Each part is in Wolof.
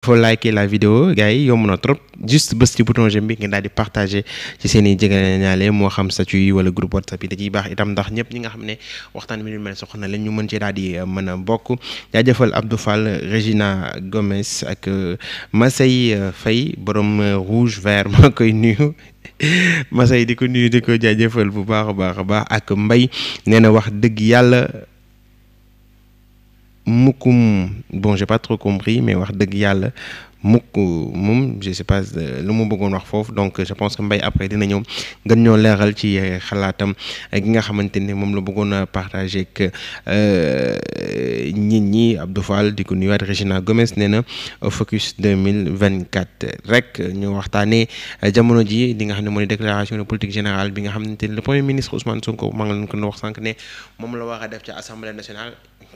foo liker la vidéo gars yi yomb na trop juste bës ci bouton j'aime bi daal di partager ci seen i jegeñaale moo xam statut wala groupe whatsapp yi da ciy baax itam ndax ñëpp ñi nga xam ne waxtaan bi ñu mel soxna leen ñu mën cee daal di euh, mën a bokk jaajëfal Abdou Fall Regina Gomez ak euh, Masey euh, Faye borom rouge vert maa koy nuyu. Masay di ko nuyu di ko jaajëfal bu baax a baax a baax ak mbay nee wax dëgg yàlla mukkum bon j'ai pas trop compris mais wax dëgg yàlla mukk moom je sais pas euh, lu mu bëggoon wax foofu donc je pense que mbay après dina ñëw gën ñoo leeral ci euh, xalaatam gi nga xamante ni moom la bëggoon a partager ak euh, nit ñi Abdou Fall di ko nuyuwaat Régina Gomes nee na focus 2024 rek ñu waxtaanee jamono ji li nga xam ne moo di déclaration de politique générale bi nga xamante ne le premier ministre Ousmane Sonko maa ngi leen ko wax sànq ne moom la war a def ci assemblée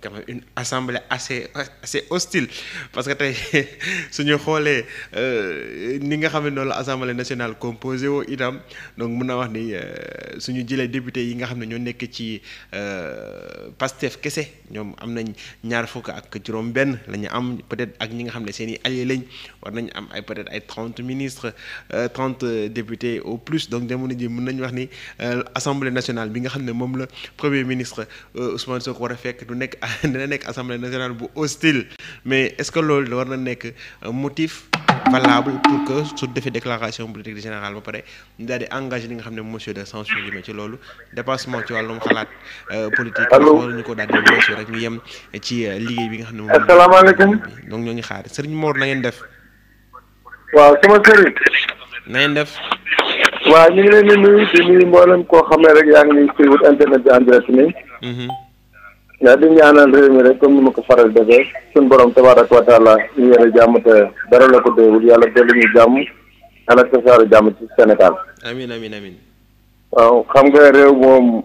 quand même une assemblée assez assez hostile parce que tey suñu xoolee euh, ni nga xam ne noonu la assemblée nationale composé woo itam donc mun naa wax ni euh, suñu jëlee député yi nga xam ne ñoo nekk ci euh, Pastef kese ñoom am nañ ñaar fukk ak juróom-benn la ñu am peut-être ak ñi nga xam ne seen i alliés lañ war nañ am ay peut ay trente ministres trente députés au plus donc jamono ji mën nañ wax ni assemblée nationale bi nga xam ne moom la premier ministre Ousmane Sonko war a fekk du nekk dina nekk assemblée nationale bu hostile mais est-ce que loolu war na nekk euh, motif valable pour que su defee déclaration politique générale ba pare ñu daal di engagé li xam ne monsieur de censure bi ci loolu dépassement ci wàllum xalaat euh, politique loolu ñu ko daal di mosu rek ñu yem ci euh, liggéey bi nga xam ne moom. asalaamaaleykum donc ñoo ngi xaar sëriñ Mor na ngeen def. waaw sama sëriñ. na ngeen def. waaw ñu ngi leen di nuyu di nuyu koo xam ne rek yaa ngi suivre internet bi en waaw di ñaanal réew mi rek comme ni ma ko faral defee suñu borom tabaraka wa taala ñu yore jàmm te dara la ko déewul yàlla dellu ñu jàmm yàlla tasaaru jàmm ci Sénégal. amiin amiin amiin. waaw xam nga réew moom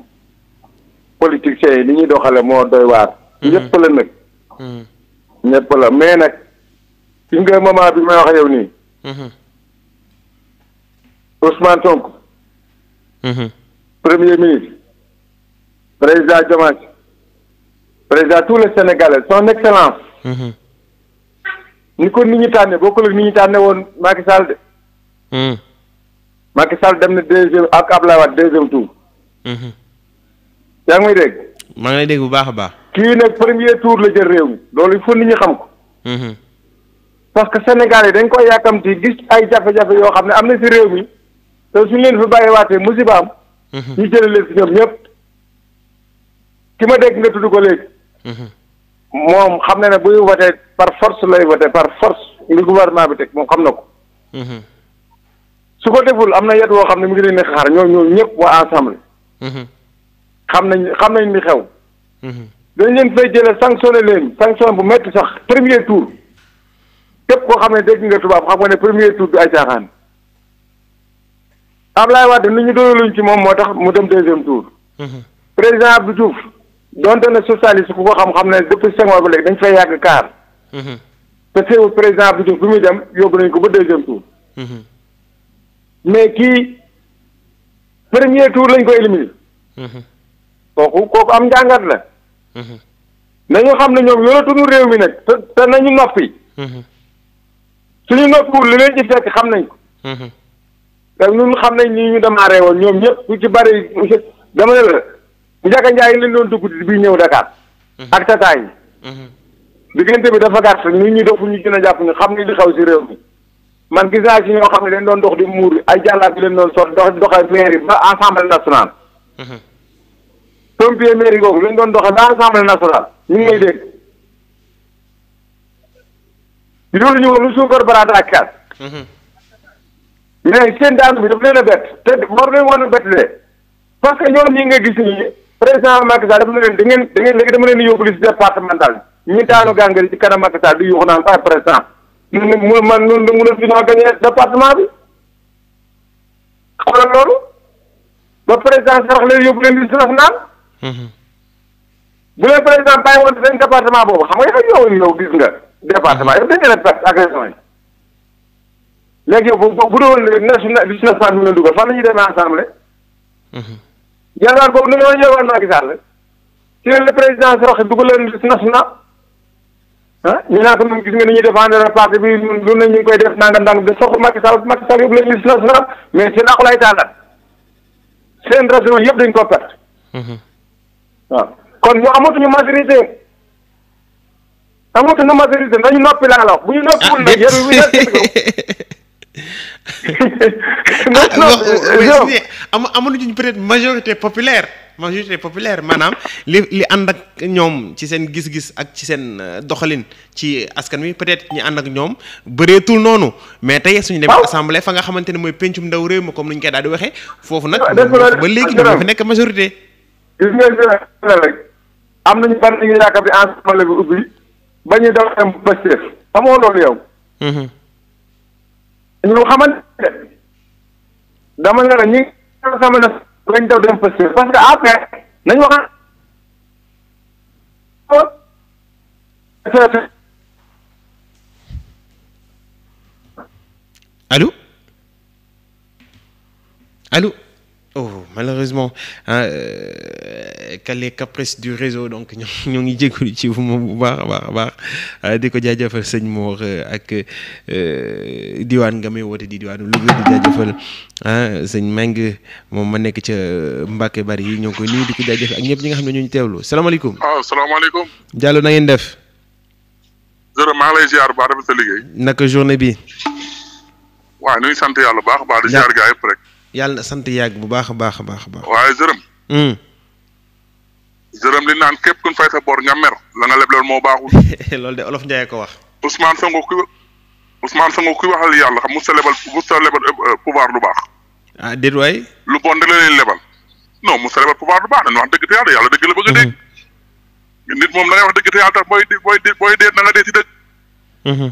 politiciens yi ni ñuy doxale moo doy waar. Mhm. ñëpp la nag. Mhm. ñëpp la mais nag fi nga bi may wax yow nii. Mhm. Ousmane Sonko. premier ministre président Diomaye. président tous les sénégalais son excellence. Mhm. ni ko nit ñi tànnee bokkul ak nit ñi tànnee woon Macky Sall de. Mhm. Macky Sall dem na deuxième ak Abdoulaye Wade deuxième tour. Mhm. yaa ngi may dégg. maa ngi lay dégg bu baax a baax. kii nag premier tour la jël réew mi loolu il faut nit ñi xam ko. parce que Sénégal yi dañ koy yàkkamti gis ay jafe-jafe yoo xam ne am na si réew mi te suñ leen fi bàyyiwaatee musiba am. ñu jële leen si ñoom ñëpp. ki ma dégg nga tudd ko léegi. Mm-hmm. moom xam na ne buy wote par force lay wote par force li gouvernement bi teg moom xam na ko. Mm-hmm. su ko deful am na yet woo xam ne mu ngi leen di xaar ñoo ñoo ñëpp waa ensemble. Mm-hmm. xam nañ xam nañ li xew. dañ leen fay jëlee sanctionné leen sanction bu métti sax premier tour képp koo xam ne dégg nga tubaab xam nga ne premier tour du ay caaxaan. Ablaye Wade ni ñu doyaluñ ci moom moo tax mu dem deuxième tour. président Abdou Diouf. donte ne socialiste ku ko xam-xam ne depuis Senghor ba léegi dañ fay yàgg kaar. Mhm. te teewul président bu Diouf bi muy dem yóbbu nañ ko ba deuxième tour. Mhm. mais kii premier tour lañ ko éliminer. Mhm. kooku kooku am njàngat la. na nañu xam na ñoom yoratuñu réew mi nag te te nañu noppi. suñu noppiwul li leen ci fekk xam nañ ko. te ñun xam nañ ni ñu démarré woon ñoom ñëpp ku ci bari dama ne la. Ndiaga Ndiaye lañ doon dugg bii ñëw Dakar. Mhm. ak tata yi. Mhm. diggante bi dafa gàtt nit ñi dofu ñu gën a jàpp ñu xam ni di xaw si réew mi man gis naa si ñoo xam ne doon dox di muur ay jàllaat bi leen doon sol dox doxee mairie ba assemblée nationale. Mhm. pompier mairie googu lañ doon doxee ba assemblée nationale ñu ngi lay dégg. loolu ñu wax lu suukar baraata ak kaas. mais seen daanu bi daf leen a bett te war leen woon a bett lee parce que ñoom ñi nga gis nii. président Macky Sall dafa leen da ngeen da ngeen léegi dama leen yóbbu liste départementale ñi daanu gàngari ci kanam Macky Sall di yuux naan par président mu ne mu man noonu da mun a dinaa gagné département bi xoolal loolu ba président sarax leen yóbbu leen liste nationale mm-hmm. bu leen président bàyyi woon seen département boobu xam nga yow yow gis nga département yow dañu leen perte agression yi léegi yow bu bu doon national liste nationale ñu leen dugal fan la ñuy demee assemblée mm-hmm. yalwaan boobu nu ñoo yalwaan Macky Sall ci leen la président Soroxi dugaleen nas na ah ñu naan ko moom gis nga ni ñuy défendre parti bi lu ne ñu ngi koy def nangam ndànk de soxla Macky Sall Macky Sall yóbbu leen nas na mais seen aqulay tàndat seen région yëpp dañ ko perte mhm. waaw kon ñu amatuñu majorité amatuñu majorité nañu noppi laa la wax bu ñu noppiwul nag yéen Ah, non euh, euh, am amuñu peut-être majorité populaire majorité populaire maanaam li li ànd ak ñoom ci seen gis-gis ak ci seen euh, doxalin ci askan wi peut-être ñi ànd ak ñoom bëreetul noonu mais tey suñu demee assemblée fa nga xamante ne mooy pencum ndaw réew ma comme ni ñu koy daal di waxee foofu nag ah, ba léegi ñoom fi nekk majorité gis nga rek am nañu bari ñu yaakaar bi ensemble bi ubbi ba ñuy daw dem ba chef loolu yow mm-hmm. lu xamante dama ne la ñi sama na lañ daw dem parce que après nañ wax allo oh malheureusement ah euh, que les caprices du réseau donc ñoo ngi jégalu ci moom bu baax a baax a baax euh, di ko jaajëfal sëñ Mor euh, ak diwaan nga may woote di diwaanu Louga di jaajëfal ah sëñ Meng moom ma nekk ca Mbacke bari yi ñoo ngi koy nuyu di ko jaajëfal ak ñëpp ñi nga xam ne ñoo ñu teewlu salaamaaleykum. waaw ah, salaamaaleykum. Diallo na ngeen def. jërëjëf maa ngi lay ziar bu baax liggéey. naka journée bi. waaw ñu ngi sant yàlla bu baax a baax di gaa yëpp rek. yàlla sant yàgg bu baax a baax a baax waaye jërëm. Hmm. jërëm li naan képp ku ñu fay sa bor nga mer la nga lebloon moo baaxul. lool de olof Ndiaye ko wax. Ousmane Sonko ku Ousmane kuy waxal yàlla xam mu sa lebal mu sa lebal euh, euh, pouvoir lu baax. ah déet waay. lu bon de la leen lebal. non mu sa lebal pouvoir lu baax dañu wax dëgg te yàlla yàlla dëgg la bëgg a dégg. Hmm. nit moom da wax dëgg te yàlla tax booy booy booy dee na nga dee ci dëgg. Hmm.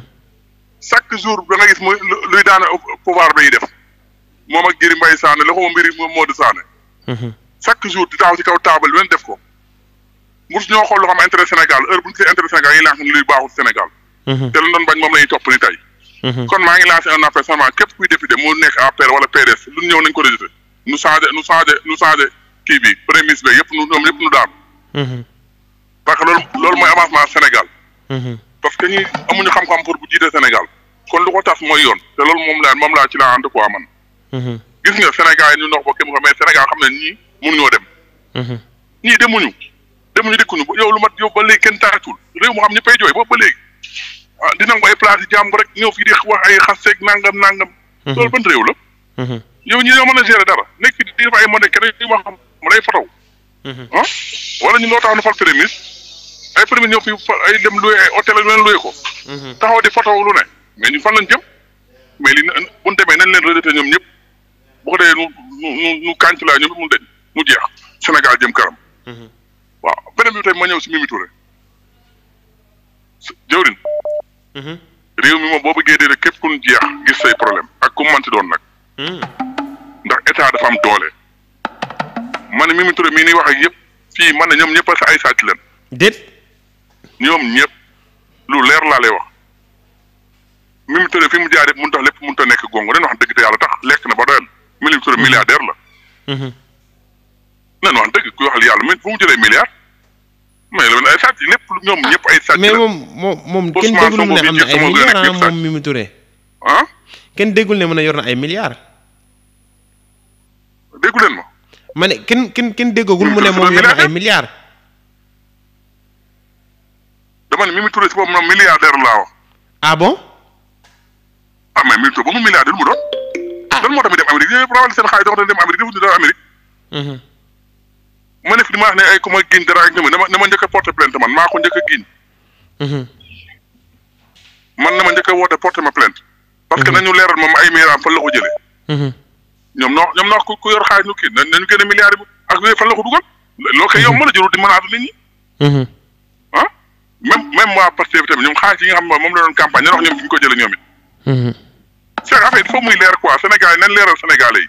chaque jour da nga gis muy luy daane pouvoir bi def. ngir Mbaye Sané la xuma mbiri Modou Sané mhm. chaque jour di taxaw ci kaw taabal bi leen def ko mos ñoo xool loo xam intérêt Sénégal heure bu ñu see intérêt Sénégal yi lànk ni luy baaxul Sénégal mhm. te lañ doon bañ moom lañuy topp ni tey mhm. kon maa ngi lancé un appel seulement képp kuy député moo nekk APR wala PDS lu ñëw nañ ko rejeté nu changé nu changé nu changé kii bi premier ministre bi yëpp nu daan parce que loolu mooy avancement Sénégal gis nga Sénégal yi ñu ndox boo kéem ko mais Sénégal xam ne ñii mënuñoo dem. ñii mhm. demuñu demuñu dikkuñu yow lu mat yow ba léegi kenn taaratul réew mu xam ñëppay jooy ba ba léegi ah di nangu ay place yi di wax ay xaseeg nangam nangam. Mhm. loolu ban réew la. Mhm. yow ñi ñoo mën a gérer dara nekk di def ay monnaie keneen yu ma xam mu lay fotaw. ah wala ñu noo tax nu fal prémices ay prémices ñëw fi ay dem loué ay hôtel ñu leen loué ko. taxaw di fotaw lu ne mais ñu fan lañ jëm mais li buñ demee nañ leen rejeté ñoom ñëpp. bu ko defee nu nu nu kànc laa ñëw mu de mu jeex Sénégal jëm kanam. Mhm. waaw beneen bi tey ma ñëw si Mimi Touré jëwrin mhm. réew mi moom boo bëggee dee képp ku ñu jeex gis say problème ak ku manti doon nag. Mhm. ndax état dafa am doole. man Mimi Touré mii ni wax ak yëpp fii man ne ñoom ñëpp a ay sàcc leen. déet. ñoom ñëpp lu leer laa lay wax. Mimi fi mu jaar yëpp mënut a lépp mënut a nekk gongo dañu wax dëgg te yàlla tax lekk na ba doyal. Mimi Touré milliardaire la. Mhm. nan wax dëgg ku wax yàlla mais fu mu jëlee milliard. mais loolu ay sàcc lépp ñoom ñëpp ay. sàcc mais moom moom kenn déggul ne am a ah, ah? yor na ay milliards. déggu leen ma. ma kenn kenn kenn déggagul mu ne moom yor na ay milliards. dama ne Mimi Touré si boobu moom milliardaire laa wax. ah bon. ah mais Mimi mu doon. lan moo tax mu dem Amérique yéen rawal seen xaalis dox dem mhm. ma nekk ne ay ku ma giñ dara ak na ma na ma njëkk a porté plainte man maa ko njëkk a giñ. Mhm. man na ma njëkk a woote porté ma plainte. parce que mhm. nañu leeral moom ay milliards fan la ko ñoom ñoo ñoom ñoo ku yor xaalis ñu kii nañ nañu génne milliards yi ak yooyu fan la dugal. loo koy mën a jurul di mën a nit ñi. ah waa Pastef bi tamit ñoom xaalis yi nga xam moom la doon campagne ñu wax ñoom fi ñu ko jëlee ñoom it. c'est affaire il faut muy leer quoi Sénégal yi nañ leeral Sénégalais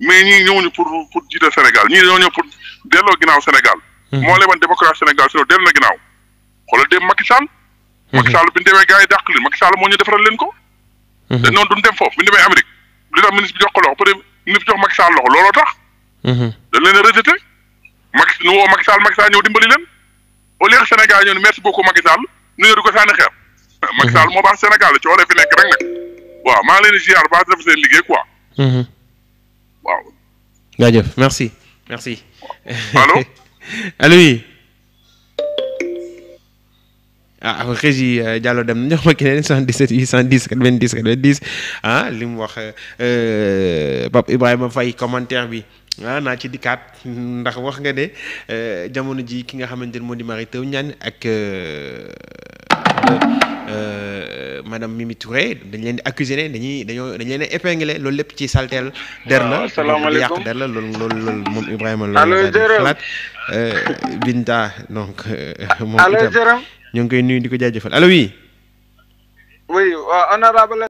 yi mais ñii ñëwuñu pour pour jiite Sénégal ñii ñoo ñëw pour delloo ginnaaw Sénégal. Hmm. moo leban démocratie Sénégal si loolu dellu na ginnaaw xoolal dem Macky Sall. Hmm. Macky Sall bi ñu demee gars yi dàq moo ñu defaral leen ko. Hmm. te noonu duñ dem foofu bi ñu demee Amérique li tax ministre bi jox ko loxo peut être ministre bi jox Macky loxo looloo tax. dañ leen a rejeté Macky nu woo Macky Sall Macky Sall ñëw dimbali leen au lieu ko sànni xeer. Macky Sall moo baax Sénégal cooree fi nekk rek nag. waaw maa ngi merci di ziar baax def seen liggéey quoi. Mhm. waaw. jaajëf merci merci. allo allo oui. ah Régis euh, Diallo dem na jox ma keneen 77 810 90 90 ah li mu wax euh, Pape Ibrahima Faye commentaire bi. Ah, naa ci dikkaat ndax wax nga ne euh, jamono ji ki nga xamante ne moo di Mary Teuw Niane ak madame Mimi Touré dañ leen di accusé ne dañuy dañoo dañ leen de épinglé loolu lépp ci salteel der la salaamaaleykum yàq der la loolu loolu loolu moom Ibrahima loolu xalaat euh, Binta donc euh, moom itam ñu ngi koy nuyu di ko jaajëfal allo oui oui euh, honorable